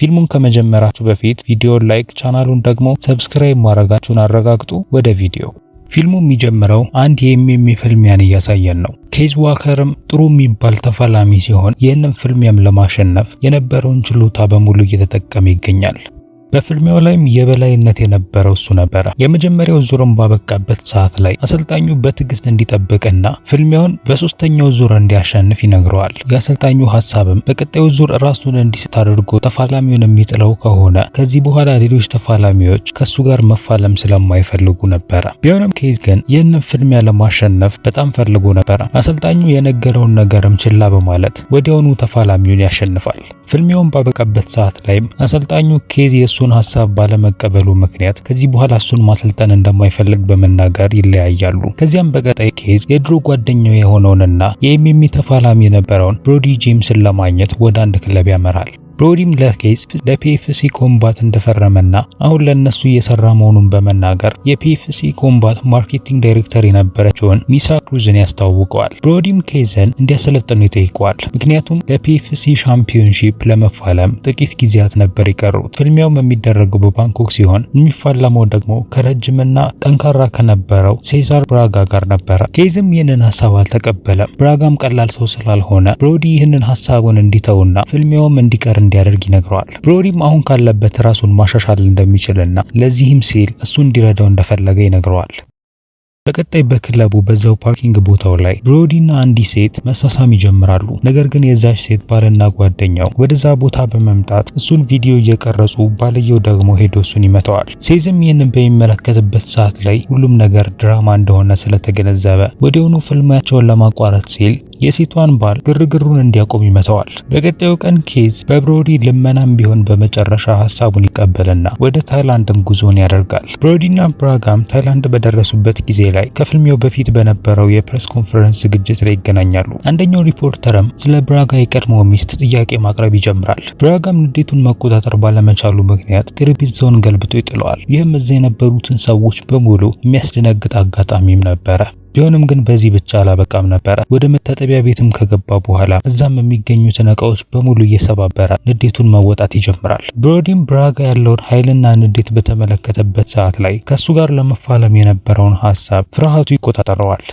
ፊልሙን ከመጀመራችሁ በፊት ቪዲዮ ላይክ፣ ቻናሉን ደግሞ ሰብስክራይብ ማድረጋችሁን አረጋግጡ። ወደ ቪዲዮ ፊልሙ የሚጀምረው አንድ የኤምኤም ፍልሚያን እያሳየን ነው። ኬዝ ዋከርም ጥሩ የሚባል ተፋላሚ ሲሆን ይህንን ፍልሚያም ለማሸነፍ የነበረውን ችሎታ በሙሉ እየተጠቀመ ይገኛል። በፍልሚያው ላይም የበላይነት የነበረው እሱ ነበረ። የመጀመሪያው ዙርን ባበቃበት ሰዓት ላይ አሰልጣኙ በትዕግስት እንዲጠብቅና ፍልሚያውን በሶስተኛው ዙር እንዲያሸንፍ ይነግረዋል። የአሰልጣኙ ሀሳብም በቀጣዩ ዙር ራሱን እንዲስት አድርጎ ተፋላሚውን የሚጥለው ከሆነ ከዚህ በኋላ ሌሎች ተፋላሚዎች ከሱ ጋር መፋለም ስለማይፈልጉ ነበረ። ቢሆንም ኬዝ ግን ይህንን ፍልሚያ ለማሸነፍ በጣም ፈልጎ ነበረ። አሰልጣኙ የነገረውን ነገርም ችላ በማለት ወዲያውኑ ተፋላሚውን ያሸንፋል። ፍልሚያውን ባበቃበት ሰዓት ላይም አሰልጣኙ ኬዝ የእሱ የእሱን ሀሳብ ባለመቀበሉ ምክንያት ከዚህ በኋላ እሱን ማሰልጠን እንደማይፈልግ በመናገር ይለያያሉ። ከዚያም በቀጣይ ኬዝ የድሮ ጓደኛው የሆነውንና የኤምኤም ተፋላሚ የነበረውን ብሮዲ ጄምስን ለማግኘት ወደ አንድ ክለብ ያመራል። ብሮዲም ለኬዝ ለፒኤፍሲ ኮምባት እንደፈረመና አሁን ለነሱ እየሰራ መሆኑን በመናገር የፒኤፍሲ ኮምባት ማርኬቲንግ ዳይሬክተር የነበረችውን ሚሳ ክሩዝን ያስታውቀዋል። ብሮዲም ኬዝን እንዲያሰለጥኑ ይጠይቀዋል። ምክንያቱም ለፒኤፍሲ ሻምፒዮንሺፕ ለመፋለም ጥቂት ጊዜያት ነበር የቀሩት። ፍልሚያውም የሚደረገው በባንኮክ ሲሆን የሚፋለመው ደግሞ ከረጅምና ጠንካራ ከነበረው ሴዛር ብራጋ ጋር ነበረ። ኬዝም ይህንን ሀሳብ አልተቀበለም። ብራጋም ቀላል ሰው ስላልሆነ ብሮዲ ይህንን ሀሳቡን እንዲተውና ፍልሚያውም እንዲቀር እንዲያደርግ ይነግረዋል። ብሮዲም አሁን ካለበት ራሱን ማሻሻል እንደሚችልና ለዚህም ሲል እሱ እንዲረዳው እንደፈለገ ይነግረዋል። በቀጣይ በክለቡ በዛው ፓርኪንግ ቦታው ላይ ብሮዲና አንዲ ሴት መሳሳም ይጀምራሉ። ነገር ግን የዛች ሴት ባልና ጓደኛው ወደዛ ቦታ በመምጣት እሱን ቪዲዮ እየቀረጹ ባልየው ደግሞ ሄዶ እሱን ይመተዋል። ሴዝም ይህንን በሚመለከትበት ሰዓት ላይ ሁሉም ነገር ድራማ እንደሆነ ስለተገነዘበ ወዲያውኑ ፍልማያቸውን ለማቋረጥ ሲል የሴቷን ባል ግርግሩን እንዲያቆም ይመተዋል። በቀጣዩ ቀን ኬዝ በብሮዲ ልመናም ቢሆን በመጨረሻ ሀሳቡን ይቀበልና ወደ ታይላንድም ጉዞን ያደርጋል። ብሮዲና ብራጋም ታይላንድ በደረሱበት ጊዜ ላይ ከፍልሚያው በፊት በነበረው የፕሬስ ኮንፈረንስ ዝግጅት ላይ ይገናኛሉ። አንደኛው ሪፖርተርም ስለ ብራጋ የቀድሞ ሚስት ጥያቄ ማቅረብ ይጀምራል። ብራጋም ንዴቱን መቆጣጠር ባለመቻሉ ምክንያት ጠረጴዛውን ገልብጦ ይጥለዋል። ይህም እዚያ የነበሩትን ሰዎች በሙሉ የሚያስደነግጥ አጋጣሚም ነበረ። ቢሆንም ግን በዚህ ብቻ አላበቃም ነበረ። ወደ መታጠቢያ ቤትም ከገባ በኋላ እዛም የሚገኙትን እቃዎች በሙሉ እየሰባበረ ንዴቱን መወጣት ይጀምራል። ብሮዲም ብራጋ ያለውን ኃይልና ንዴት በተመለከተበት ሰዓት ላይ ከእሱ ጋር ለመፋለም የነበረውን ሀሳብ ፍርሃቱ ይቆጣጠረዋል።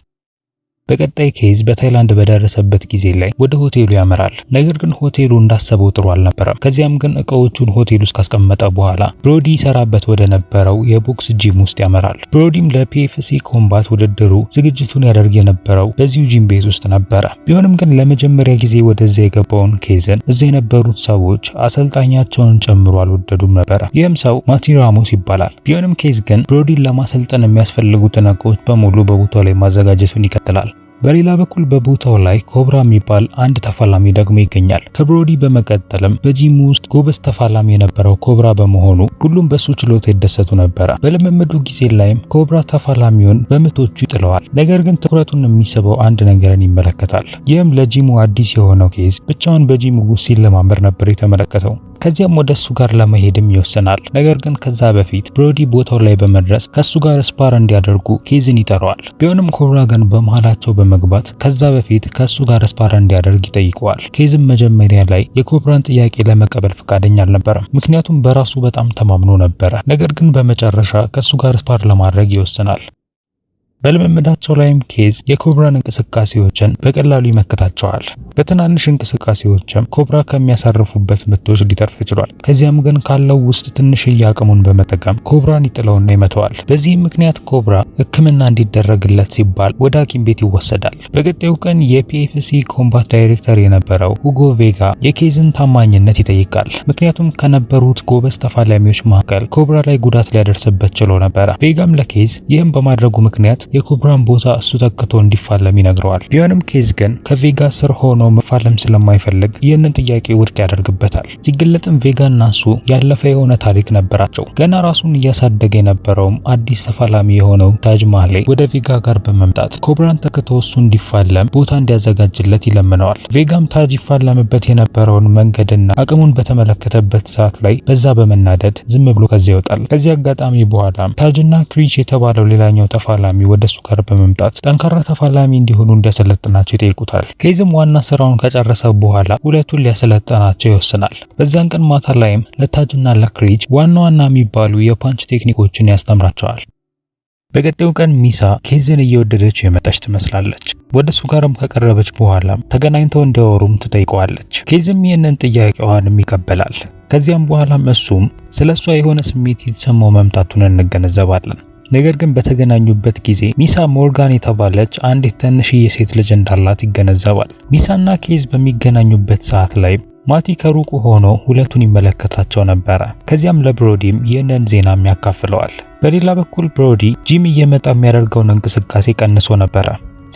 በቀጣይ ኬዝ በታይላንድ በደረሰበት ጊዜ ላይ ወደ ሆቴሉ ያመራል። ነገር ግን ሆቴሉ እንዳሰበው ጥሩ አልነበረም። ከዚያም ግን እቃዎቹን ሆቴል ውስጥ ካስቀመጠ በኋላ ብሮዲ ይሰራበት ወደ ነበረው የቦክስ ጂም ውስጥ ያመራል። ብሮዲም ለፒኤፍሲ ኮምባት ውድድሩ ዝግጅቱን ያደርግ የነበረው በዚሁ ጂም ቤት ውስጥ ነበረ። ቢሆንም ግን ለመጀመሪያ ጊዜ ወደዚያ የገባውን ኬዝን እዚያ የነበሩት ሰዎች አሰልጣኛቸውን ጨምሮ አልወደዱም ነበረ። ይህም ሰው ማርቲን ራሞስ ይባላል። ቢሆንም ኬዝ ግን ብሮዲን ለማሰልጠን የሚያስፈልጉትን እቃዎች በሙሉ በቦታው ላይ ማዘጋጀቱን ይቀጥላል። በሌላ በኩል በቦታው ላይ ኮብራ የሚባል አንድ ተፋላሚ ደግሞ ይገኛል። ከብሮዲ በመቀጠልም በጂሙ ውስጥ ጎበዝ ተፋላሚ የነበረው ኮብራ በመሆኑ ሁሉም በሱ ችሎታ ይደሰቱ ነበረ። በለመመዱ ጊዜ ላይም ኮብራ ተፋላሚውን በምቶቹ ይጥለዋል። ነገር ግን ትኩረቱን የሚስበው አንድ ነገርን ይመለከታል። ይህም ለጂሙ አዲስ የሆነው ኬዝ ብቻውን በጂሙ ውስጥ ሲለማመር ነበር የተመለከተው። ከዚያም ወደ እሱ ጋር ለመሄድም ይወስናል። ነገር ግን ከዛ በፊት ብሮዲ ቦታው ላይ በመድረስ ከእሱ ጋር ስፓር እንዲያደርጉ ኬዝን ይጠራዋል። ቢሆንም ኮብራ ግን በመሃላቸው በመግባት ከዛ በፊት ከእሱ ጋር ስፓር እንዲያደርግ ይጠይቀዋል። ኬዝም መጀመሪያ ላይ የኮብራን ጥያቄ ለመቀበል ፈቃደኛ አልነበረም፣ ምክንያቱም በራሱ በጣም ተማምኖ ነበረ። ነገር ግን በመጨረሻ ከእሱ ጋር ስፓር ለማድረግ ይወስናል። በልምምዳቸው ላይም ኬዝ የኮብራን እንቅስቃሴዎችን በቀላሉ ይመክታቸዋል። በትናንሽ እንቅስቃሴዎችም ኮብራ ከሚያሳርፉበት ምቶች ሊተርፍ ይችሏል። ከዚያም ግን ካለው ውስጥ ትንሽዬ አቅሙን በመጠቀም ኮብራን ይጥለውና ይመተዋል። በዚህም ምክንያት ኮብራ ሕክምና እንዲደረግለት ሲባል ወደ ሐኪም ቤት ይወሰዳል። በቀጣዩ ቀን የፒኤፍሲ ኮምባት ዳይሬክተር የነበረው ሁጎ ቬጋ የኬዝን ታማኝነት ይጠይቃል። ምክንያቱም ከነበሩት ጎበዝ ተፋላሚዎች መካከል ኮብራ ላይ ጉዳት ሊያደርስበት ችሎ ነበረ። ቬጋም ለኬዝ ይህም በማድረጉ ምክንያት የኮብራን ቦታ እሱ ተክቶ እንዲፋለም ይነግረዋል። ቢሆንም ኬዝ ግን ከቬጋ ስር ሆኖ መፋለም ስለማይፈልግ ይህንን ጥያቄ ውድቅ ያደርግበታል። ሲገለጥም ቬጋና እሱ ያለፈ የሆነ ታሪክ ነበራቸው። ገና ራሱን እያሳደገ የነበረውም አዲስ ተፋላሚ የሆነው ታጅ ማህሌ ወደ ቬጋ ጋር በመምጣት ኮብራን ተክቶ እሱ እንዲፋለም ቦታ እንዲያዘጋጅለት ይለምነዋል። ቬጋም ታጅ ይፋለምበት የነበረውን መንገድና አቅሙን በተመለከተበት ሰዓት ላይ በዛ በመናደድ ዝም ብሎ ከዚያ ይወጣል። ከዚህ አጋጣሚ በኋላ ታጅና ክሪች የተባለው ሌላኛው ተፋላሚ ወደ ወደሱ ጋር በመምጣት ጠንካራ ተፋላሚ እንዲሆኑ እንዲያሰለጥናቸው ይጠይቁታል። ኬዝም ዋና ስራውን ከጨረሰ በኋላ ሁለቱን ሊያሰለጥናቸው ይወስናል። በዛን ቀን ማታ ላይም ለታጅና ለክሪጅ ዋና ዋና የሚባሉ የፓንች ቴክኒኮችን ያስተምራቸዋል። በቀጣዩ ቀን ሚሳ ኬዝን እየወደደችው የመጣች ትመስላለች። ወደሱ ጋርም ከቀረበች በኋላም ተገናኝተው እንዲያወሩም ትጠይቀዋለች። ኬዝም ይህንን ጥያቄዋንም ይቀበላል። ከዚያም በኋላም እሱም ስለ እሷ የሆነ ስሜት የተሰማው መምጣቱን እንገነዘባለን። ነገር ግን በተገናኙበት ጊዜ ሚሳ ሞርጋን የተባለች አንዲት ትንሽዬ ሴት ልጅ እንዳላት ይገነዘባል። ሚሳና ኬዝ በሚገናኙበት ሰዓት ላይ ማቲ ከሩቁ ሆኖ ሁለቱን ይመለከታቸው ነበረ። ከዚያም ለብሮዲም ይህንን ዜናም ያካፍለዋል። በሌላ በኩል ብሮዲ ጂም እየመጣ የሚያደርገውን እንቅስቃሴ ቀንሶ ነበረ።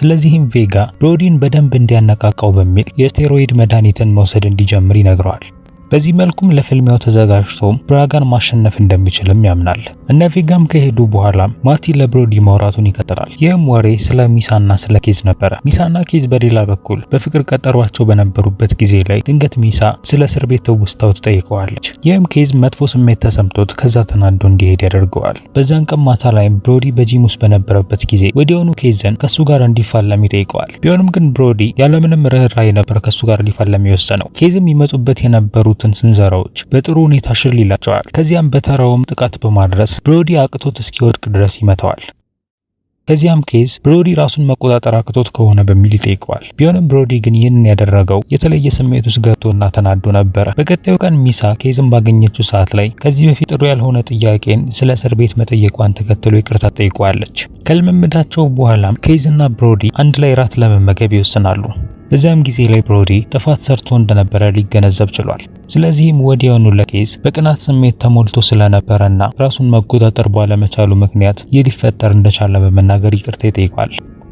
ስለዚህም ቬጋ ብሮዲን በደንብ እንዲያነቃቃው በሚል የስቴሮይድ መድኃኒትን መውሰድ እንዲጀምር ይነግረዋል። በዚህ መልኩም ለፍልሚያው ተዘጋጅቶ ብራጋን ማሸነፍ እንደሚችልም ያምናል። እነ ቬጋም ከሄዱ በኋላም ማቲ ለብሮዲ ማውራቱን ይቀጥላል። ይህም ወሬ ስለ ሚሳና ስለ ኬዝ ነበረ። ሚሳና ኬዝ በሌላ በኩል በፍቅር ቀጠሯቸው በነበሩበት ጊዜ ላይ ድንገት ሚሳ ስለ እስር ቤት ትውስታው ትጠይቀዋለች። ይህም ኬዝ መጥፎ ስሜት ተሰምቶት ከዛ ተናዶ እንዲሄድ ያደርገዋል። በዛን ቀን ማታ ላይም ብሮዲ በጂም ውስጥ በነበረበት ጊዜ ወዲያውኑ ኬዝን ከሱ ጋር እንዲፋለም ይጠይቀዋል። ቢሆንም ግን ብሮዲ ያለምንም ርኅራኄ ነበር ከሱ ጋር ሊፋለም የወሰነው። ኬዝም ይመጡበት የነበሩት የሚሰሩትን ስንዘራዎች በጥሩ ሁኔታ ሽል ይላቸዋል። ከዚያም በተራውም ጥቃት በማድረስ ብሮዲ አቅቶት እስኪወድቅ ድረስ ይመተዋል። ከዚያም ኬዝ ብሮዲ ራሱን መቆጣጠር አቅቶት ከሆነ በሚል ይጠይቀዋል። ቢሆንም ብሮዲ ግን ይህንን ያደረገው የተለየ ስሜት ውስጥ ገብቶና ተናዶ ነበረ። በቀጣዩ ቀን ሚሳ ኬዝን ባገኘችው ሰዓት ላይ ከዚህ በፊት ጥሩ ያልሆነ ጥያቄን ስለ እስር ቤት መጠየቋን ተከትሎ ይቅርታ ጠይቋለች። ከልምምዳቸው በኋላም ኬዝና ብሮዲ አንድ ላይ ራት ለመመገብ ይወስናሉ። በዚያም ጊዜ ላይ ብሮዲ ጥፋት ሰርቶ እንደነበረ ሊገነዘብ ችሏል። ስለዚህም ወዲያውኑ ለኬስ በቅናት ስሜት ተሞልቶ ስለነበረና ራሱን መቆጣጠር ባለመቻሉ ምክንያት ይህ ሊፈጠር እንደቻለ በመናገር ይቅርታ ይጠይቋል።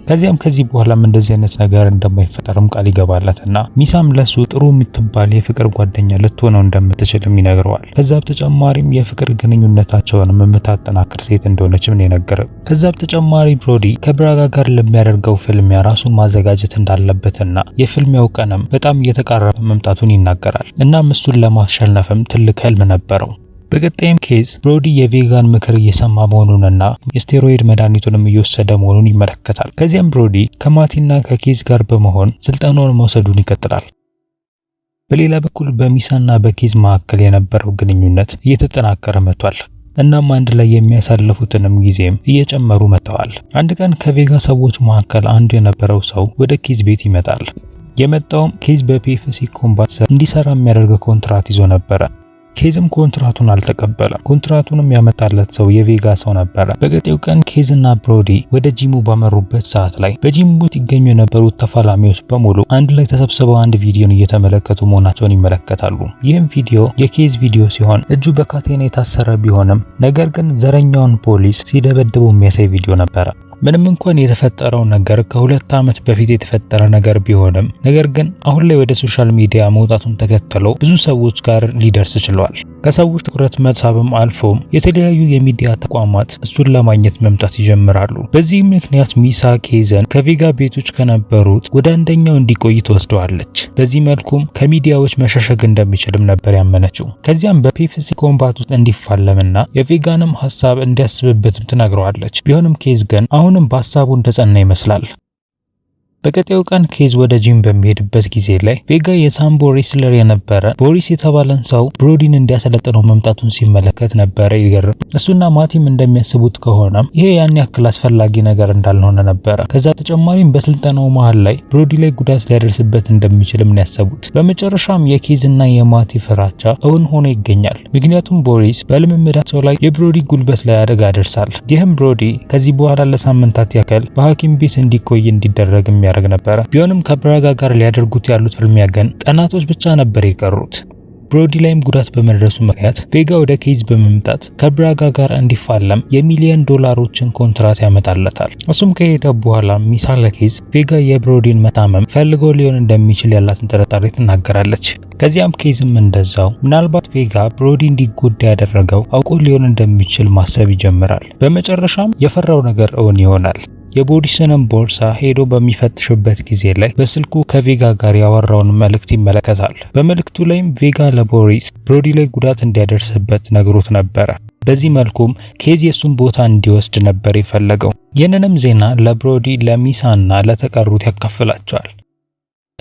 ከዚያም ከዚህ በኋላም እንደዚህ አይነት ነገር እንደማይፈጠርም ቃል ይገባላትና ሚሳም ለሱ ጥሩ የምትባል የፍቅር ጓደኛ ልትሆነው እንደምትችልም ይነግረዋል። ከዛ በተጨማሪም የፍቅር ግንኙነታቸውን የምታጠናክር ሴት እንደሆነችም ነው የነገረው። ከዛ በተጨማሪ ብሮዲ ከብራጋ ጋር ለሚያደርገው ፍልሚያ ራሱን ማዘጋጀት እንዳለበትና የፍልሚያው ቀንም በጣም እየተቃረበ መምጣቱን ይናገራል። እናም እሱን ለማሸነፍም ትልቅ ህልም ነበረው። በቀጣይም ኬዝ ብሮዲ የቬጋን ምክር እየሰማ መሆኑንና የስቴሮይድ መድኃኒቱንም እየወሰደ መሆኑን ይመለከታል። ከዚያም ብሮዲ ከማቲና ከኬዝ ጋር በመሆን ስልጠናውን መውሰዱን ይቀጥላል። በሌላ በኩል በሚሳና በኬዝ መካከል የነበረው ግንኙነት እየተጠናከረ መጥቷል። እናም አንድ ላይ የሚያሳልፉትንም ጊዜም እየጨመሩ መጥተዋል። አንድ ቀን ከቬጋ ሰዎች መካከል አንዱ የነበረው ሰው ወደ ኬዝ ቤት ይመጣል። የመጣውም ኬዝ በፒኤፍሲ ኮምባት እንዲሰራ የሚያደርገው ኮንትራት ይዞ ነበረ። ኬዝም ኮንትራቱን አልተቀበለም። ኮንትራቱንም ያመጣለት ሰው የቬጋ ሰው ነበረ። በገጤው ቀን ኬዝና ብሮዲ ወደ ጂሙ ባመሩበት ሰዓት ላይ በጂሙ ይገኙ የነበሩት ተፋላሚዎች በሙሉ አንድ ላይ ተሰብስበው አንድ ቪዲዮን እየተመለከቱ መሆናቸውን ይመለከታሉ። ይህም ቪዲዮ የኬዝ ቪዲዮ ሲሆን እጁ በካቴና የታሰረ ቢሆንም ነገር ግን ዘረኛውን ፖሊስ ሲደበድቡ የሚያሳይ ቪዲዮ ነበረ። ምንም እንኳን የተፈጠረው ነገር ከሁለት ዓመት በፊት የተፈጠረ ነገር ቢሆንም ነገር ግን አሁን ላይ ወደ ሶሻል ሚዲያ መውጣቱን ተከትሎ ብዙ ሰዎች ጋር ሊደርስ ችሏል። ከሰዎች ትኩረት መሳብም አልፎም የተለያዩ የሚዲያ ተቋማት እሱን ለማግኘት መምጣት ይጀምራሉ። በዚህ ምክንያት ሚሳ ኬዘን ከቬጋ ቤቶች ከነበሩት ወደ አንደኛው እንዲቆይ ትወስደዋለች። በዚህ መልኩም ከሚዲያዎች መሸሸግ እንደሚችልም ነበር ያመነችው። ከዚያም በፔፕሲ ኮምባት ውስጥ እንዲፋለምና የቬጋንም ሀሳብ እንዲያስብበትም ትነግረዋለች። ቢሆንም ኬዝ ግን አሁን አሁንም በሀሳቡ እንደጸና ይመስላል። በቀጣዩ ቀን ኬዝ ወደ ጂም በሚሄድበት ጊዜ ላይ ቬጋ የሳምቦ ሬስለር የነበረ ቦሪስ የተባለን ሰው ብሮዲን እንዲያሰለጥነው መምጣቱን ሲመለከት ነበረ ይገርም። እሱና ማቲም እንደሚያስቡት ከሆነም ይሄ ያን ያክል አስፈላጊ ነገር እንዳልሆነ ነበረ። ከዛ ተጨማሪም በስልጠናው መሀል ላይ ብሮዲ ላይ ጉዳት ሊያደርስበት እንደሚችልም ነው ያሰቡት። በመጨረሻም የኬዝና የማቲ ፍራቻ እውን ሆኖ ይገኛል። ምክንያቱም ቦሪስ በልምምዳቸው ላይ የብሮዲ ጉልበት ላይ አደጋ ያደርሳል። ይህም ብሮዲ ከዚህ በኋላ ለሳምንታት ያክል በሐኪም ቤት እንዲቆይ እንዲደረግ ያደርግ ነበረ። ቢሆንም ከብራጋ ጋር ሊያደርጉት ያሉት ፍልሚያ ግን ቀናቶች ብቻ ነበር የቀሩት። ብሮዲ ላይም ጉዳት በመድረሱ ምክንያት ቬጋ ወደ ኬዝ በመምጣት ከብራጋ ጋር እንዲፋለም የሚሊዮን ዶላሮችን ኮንትራት ያመጣለታል። እሱም ከሄደ በኋላ ሚሳ ለኬዝ ቬጋ የብሮዲን መታመም ፈልጎ ሊሆን እንደሚችል ያላትን ጥርጣሬ ትናገራለች። ከዚያም ኬዝም እንደዛው ምናልባት ቬጋ ብሮዲ እንዲጎዳ ያደረገው አውቆ ሊሆን እንደሚችል ማሰብ ይጀምራል። በመጨረሻም የፈራው ነገር እውን ይሆናል። የቦዲስንም ቦርሳ ሄዶ በሚፈትሽበት ጊዜ ላይ በስልኩ ከቬጋ ጋር ያወራውን መልእክት ይመለከታል። በመልእክቱ ላይም ቬጋ ለቦሪስ ብሮዲ ላይ ጉዳት እንዲያደርስበት ነግሮት ነበረ። በዚህ መልኩም ኬዝ የሱን ቦታ እንዲወስድ ነበር የፈለገው። ይህንንም ዜና ለብሮዲ ለሚሳና ለተቀሩት ያካፍላቸዋል።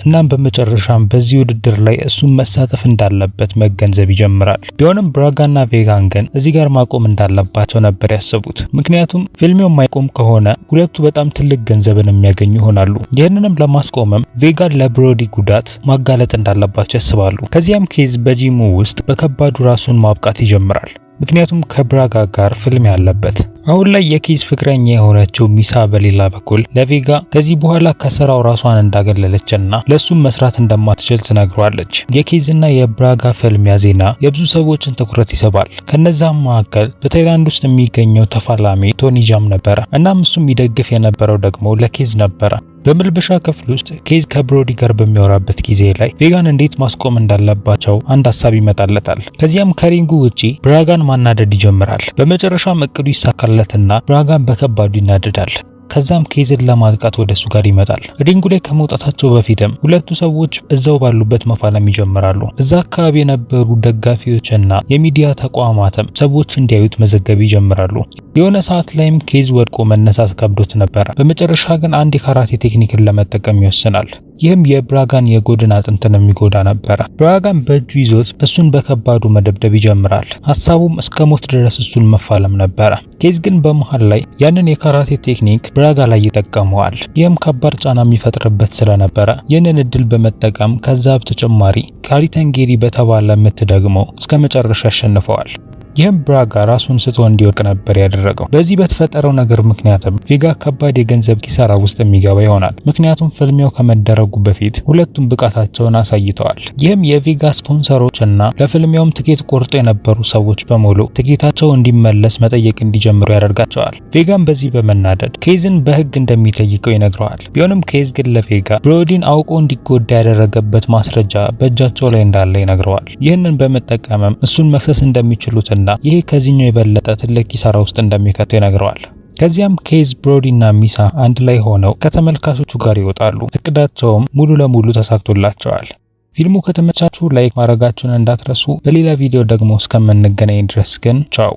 እናም በመጨረሻም በዚህ ውድድር ላይ እሱም መሳተፍ እንዳለበት መገንዘብ ይጀምራል። ቢሆንም ብራጋና ቬጋን ግን እዚህ ጋር ማቆም እንዳለባቸው ነበር ያሰቡት። ምክንያቱም ፊልሜው የማይቆም ከሆነ ሁለቱ በጣም ትልቅ ገንዘብን የሚያገኙ ይሆናሉ። ይህንንም ለማስቆመም ቬጋን ለብሮዲ ጉዳት ማጋለጥ እንዳለባቸው ያስባሉ። ከዚያም ኬዝ በጂሙ ውስጥ በከባዱ ራሱን ማብቃት ይጀምራል። ምክንያቱም ከብራጋ ጋር ፊልም ያለበት አሁን ላይ የኪዝ ፍቅረኛ የሆነችው ሚሳ በሌላ በኩል ለቬጋ ከዚህ በኋላ ከስራው ራሷን እንዳገለለችና ለሱም መስራት እንደማትችል ትነግሯለች። የኪዝና የብራጋ ፍልሚያ ዜና የብዙ ሰዎችን ትኩረት ይስባል። ከነዛም መካከል በታይላንድ ውስጥ የሚገኘው ተፋላሚ ቶኒ ጃም ነበረ። እናም እሱም ይደግፍ የነበረው ደግሞ ለኪዝ ነበረ። በመልበሻ ክፍል ውስጥ ኬዝ ከብሮዲ ጋር በሚያወራበት ጊዜ ላይ ቬጋን እንዴት ማስቆም እንዳለባቸው አንድ ሀሳብ ይመጣለታል። ከዚያም ከሪንጉ ውጪ ብራጋን ማናደድ ይጀምራል። በመጨረሻም እቅዱ ይሳካል ይፈጠርለትና ብራጋን በከባዱ ይናደዳል። ከዛም ኬዝን ለማጥቃት ወደ እሱ ጋር ይመጣል። ሪንጉ ላይ ከመውጣታቸው በፊትም ሁለቱ ሰዎች እዛው ባሉበት መፋለም ይጀምራሉ። እዛ አካባቢ የነበሩ ደጋፊዎችና የሚዲያ ተቋማትም ሰዎች እንዲያዩት መዘገብ ይጀምራሉ። የሆነ ሰዓት ላይም ኬዝ ወድቆ መነሳት ከብዶት ነበረ። በመጨረሻ ግን አንድ የካራቴ ቴክኒክን ለመጠቀም ይወስናል። ይህም የብራጋን የጎድን አጥንትን የሚጎዳ ነበረ። ብራጋን በእጁ ይዞት እሱን በከባዱ መደብደብ ይጀምራል። ሀሳቡም እስከ ሞት ድረስ እሱን መፋለም ነበረ። ኬዝ ግን በመሃል ላይ ያንን የካራቴ ቴክኒክ ብራጋ ላይ ይጠቀመዋል። ይህም ከባድ ጫና የሚፈጥርበት ስለነበረ ይህንን እድል በመጠቀም ከዛ በተጨማሪ ካሪተንጌሪ በተባለ ምት ደግሞ እስከ መጨረሻ ያሸንፈዋል። ይህም ብራጋ ራሱን ስቶ እንዲወድቅ ነበር ያደረገው። በዚህ በተፈጠረው ነገር ምክንያትም ቬጋ ከባድ የገንዘብ ኪሳራ ውስጥ የሚገባ ይሆናል። ምክንያቱም ፍልሚያው ከመደረጉ በፊት ሁለቱም ብቃታቸውን አሳይተዋል። ይህም የቬጋ ስፖንሰሮች እና ለፍልሚያውም ትኬት ቆርጦ የነበሩ ሰዎች በሙሉ ትኬታቸው እንዲመለስ መጠየቅ እንዲጀምሩ ያደርጋቸዋል። ቬጋም በዚህ በመናደድ ኬዝን በህግ እንደሚጠይቀው ይነግረዋል። ቢሆንም ኬዝ ግን ለቬጋ ብሮዲን አውቆ እንዲጎዳ ያደረገበት ማስረጃ በእጃቸው ላይ እንዳለ ይነግረዋል። ይህንን በመጠቀምም እሱን መክሰስ እንደሚችሉትና እና ይሄ ከዚህኛው የበለጠ ትልቅ ኪሳራ ውስጥ እንደሚከተው ይነግረዋል። ከዚያም ኬዝ ብሮዲ እና ሚሳ አንድ ላይ ሆነው ከተመልካቾቹ ጋር ይወጣሉ። እቅዳቸውም ሙሉ ለሙሉ ተሳክቶላቸዋል። ፊልሙ ከተመቻችሁ ላይክ ማድረጋችሁን እንዳትረሱ። በሌላ ቪዲዮ ደግሞ እስከምንገናኝ ድረስ ግን ቻው።